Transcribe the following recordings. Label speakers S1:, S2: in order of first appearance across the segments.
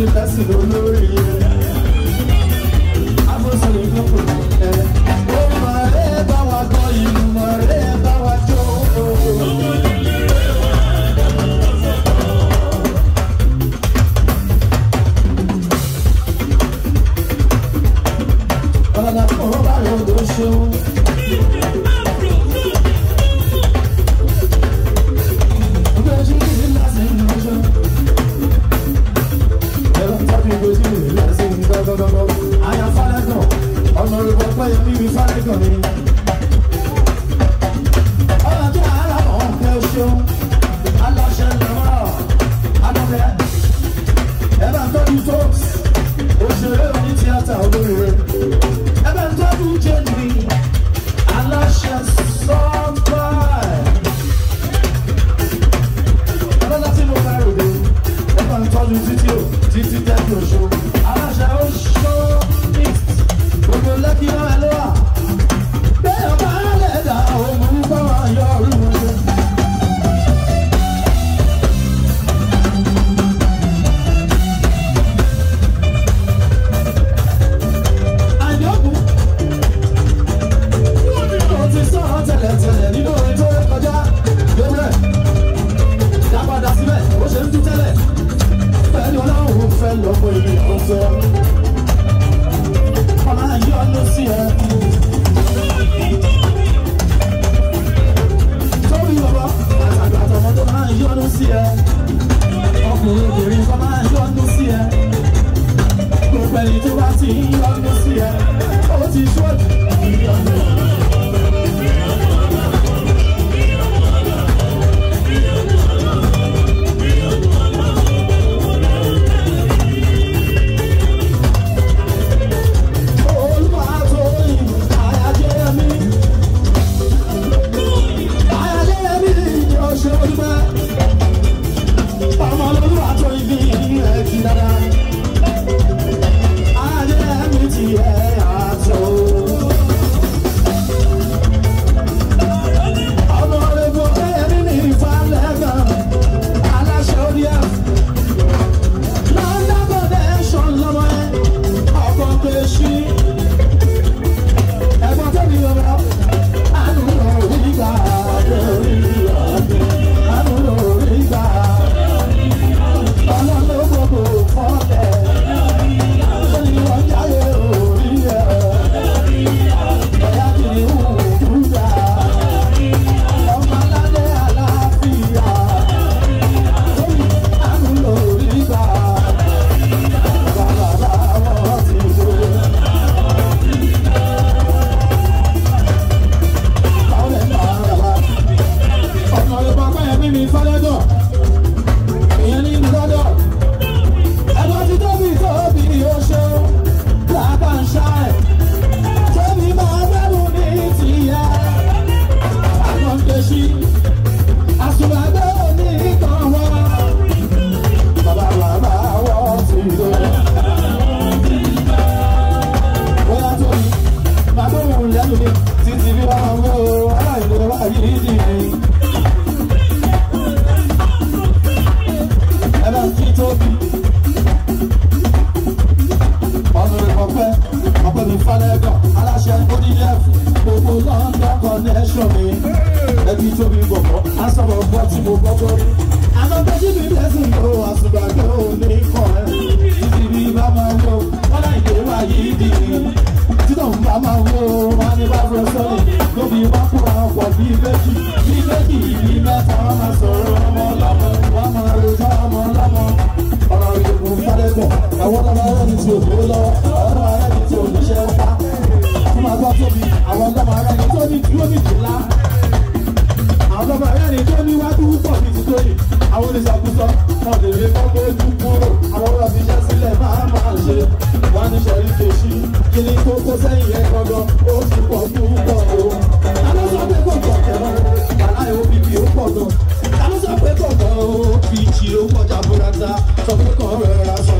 S1: ní tẹ́sí lórí rẹ̀. Afọ́sọ̀rọ̀ ìlú kò ní ẹ̀. Ó máa rẹ̀ bá wa gbọ́ ìlú, máa rẹ̀ bá wa jó. Ọ̀nà kan bá lọ́dọ̀ ṣeun. sáré gòlè. ọlọ́jà aláwọ̀ ọ̀fẹ́ oṣù aláṣẹ lọ́wọ́ alọ́fẹ́ ẹ bá ń tọ́jú tó òṣèré oní tíátà olóore ẹ bá ń tọ́jú jẹ́ nìyí aláṣẹ sí. 你就把金条都献，我只说一句。pè mí falẹ́gàn aláṣẹ onílẹ̀fù gbogbo London connection mi ẹbí tóbi gbọ̀ngàn asọ̀rọ̀ ọgbọ́n tí mo gbọ́ gbórí. àná bẹ́jú mi lẹ́sìn ló àṣùgbàgbé òní kan ẹ̀ títí bí bá máa wọ wọn láì dé wá yìí dì í títọ̀ ń bá máa wọ wọn ní bá fẹ́ sọ́ọ̀ lóbi wọn kúra ọkọ̀ bí méjì bí méjì ìbí mẹ́ta wọn máa sọ̀rọ̀ ọmọ ọlọ́mọ wọn máa rojọ́ ọmọ ọlọ́mọ pọ̀ àwọn ọmọ aráàlú ti òkúrò lọ́wọ́ àwọn ọmọ aráàlú ti òníṣẹ́ ń pa fún àgbà tóbi àwọn ọmọ aráàlú tó ní dúró ní jùlá àwọn ọmọ aráàlú tó ní wájú pọ̀ ní ti tóyè àwọn olùṣàkóso wọn lè lè kọ́ pé ojú kúrò àwọn ọmọ ìṣẹ́ sílẹ̀ máa máa ṣe wọn ní sọ yìí kèṣí kí ni kókó sẹ́yìn ẹ̀ gbọ́dọ̀ ó ti pọ̀ púpọ̀ o. àlọ́ sọ pé kò pọ̀ tẹ̀wọ́n bàlá ìhòbí bí ó pọ̀ náà àlọ́ sọ pé kò pọ̀ o fi ìṣirò kọjá bùrọ̀dá sọ pé kò rẹ̀ rà sọ.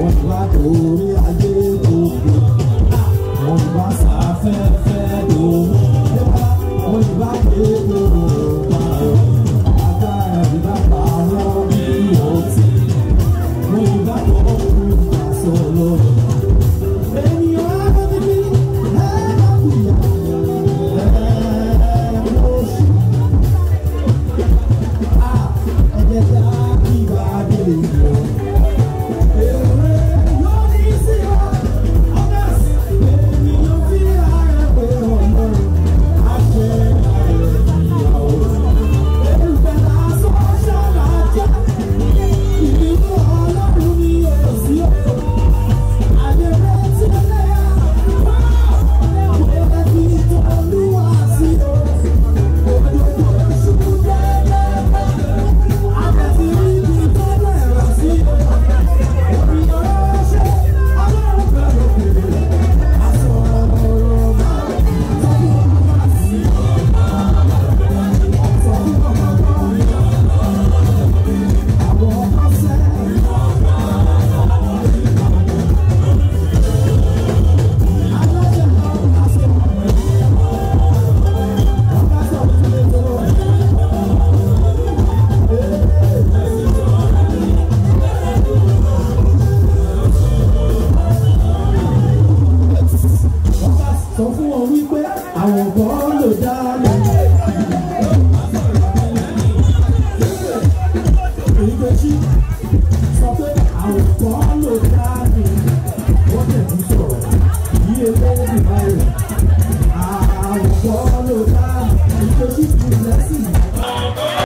S1: One black Thank you.